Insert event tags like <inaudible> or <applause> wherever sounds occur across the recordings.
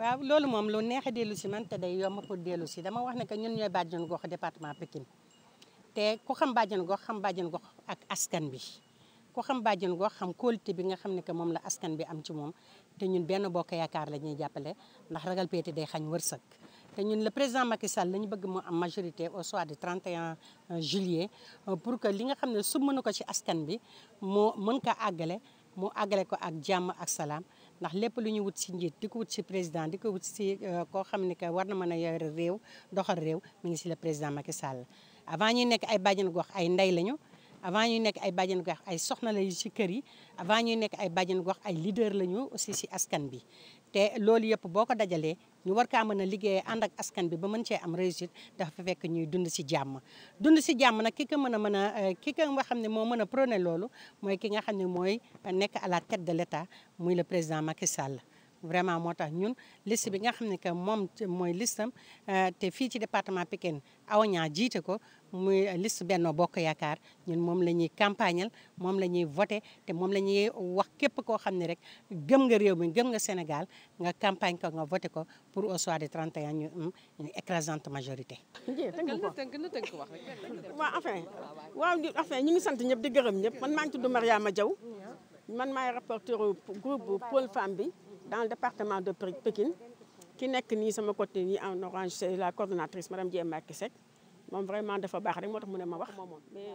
waaw loolu moom lu neex a dellu si man te day yomb pour dellu si dama wax ne que ñun ñooy bàjjenu gox département Pikine te ku xam bàjjenu gox xam bàjjenu gox ak askan bi ku xam bàjjenu gox xam qualité bi nga xam ne que moom la askan bi am ci moom te ñun benn bokk yaakaar la ñuy jàppale ndax ragal péete day xañ wërsëg te ñun le président Macky Sall la ñu bëgg moo am majorité au de trent 31 juillet euh, pour que li nga xam ne su mënu ko ci askan bi moo mën ko àggale mu àggale ko ak jàmm ak salaam ndax lépp lu ñu wut si njiit di ko wut si président di ko wut si euh, koo xam ne que war na mën a yore réew doxal réew mi ngi si la président Macky Sall avant ñuy nekk ay bàjjen gox ay ndey lañu avant ñuy nekk ay bàjjen gox ay soxna lay si kër yi avant ñuy nekk ay bàjjen gox ay leader lañu aussi si askan bi te loolu yëpp boo ko dajalee ñu war kaa mën a liggéeyee ànd ak askan bi ba mën cee am réussite dafa fekk ñuy dund si jàmm dund si jàmm nag ki ko mën a mën a euh, ki ko nga xam ne moo mën a prôné loolu mooy ki nga xam ne mooy nekk à la tête de l'État muy le président Macky vraiment moo tax ñun liste bi mm. nga xam ne que moom mooy listam euh, te fii ci département Pikine aw ñaa jiite ko mu liste Benno Bokk Yaakaar ñun moom la ñuy campagnal moom la ñuy voté te moom la ñuy wax képp koo xam ne rek gëm nga réew mi gëm nga Sénégal nga campagne ko nga voté ko pour au soir de 31 ñu am une écrasante majorité. wa enfin waaw enfin ñu sant ñëpp di gërëm ñëpp man maa ngi tudd Mariama Diaw man maay rapporteur groupe Pôle Femme bi. dans le département de Pékin ki nekk nii sama côté nii en orange c'est la coordonnatrice madame Dieng Mbacké Seck moom vraiment dafa baax rek moo tax mu ne ma wax. mais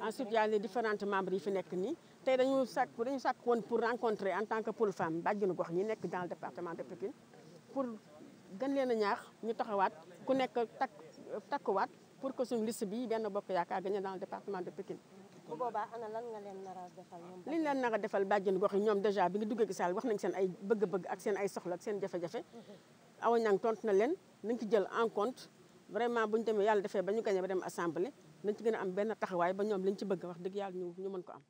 ensuite y a les différentes membres yi fi nekk nii tey dañu sàkk dañu sàkk woon pour rencontrer en tant que pôle femme bàjjenu gox ñi nekk dans le département de Pékin pour gën leen a ñaax ñu taxawaat ku nekk takk takkuwaat pour que suñu liste bi benn bokk yaakaar gagné dans le département de Pékin. bu boobaa ana lan leen nar a defal ñoom. li ñu leen nar a defal bàjjen ñoom dèjà bi nga duggee gi saal wax nañ seen ay bëgg-bëgg ak seen ay soxla ak seen jafe-jafe. <laughs> awa ñang tontu na leen nañ ci jël en compte vraiment bu ñu demee yàlla defee ba ñu gagné ba dem assemblée nañ ci gën a am benn taxawaay ba ñoom lañ ci bëgg wax dëgg yàlla ñu ñu mën ko am.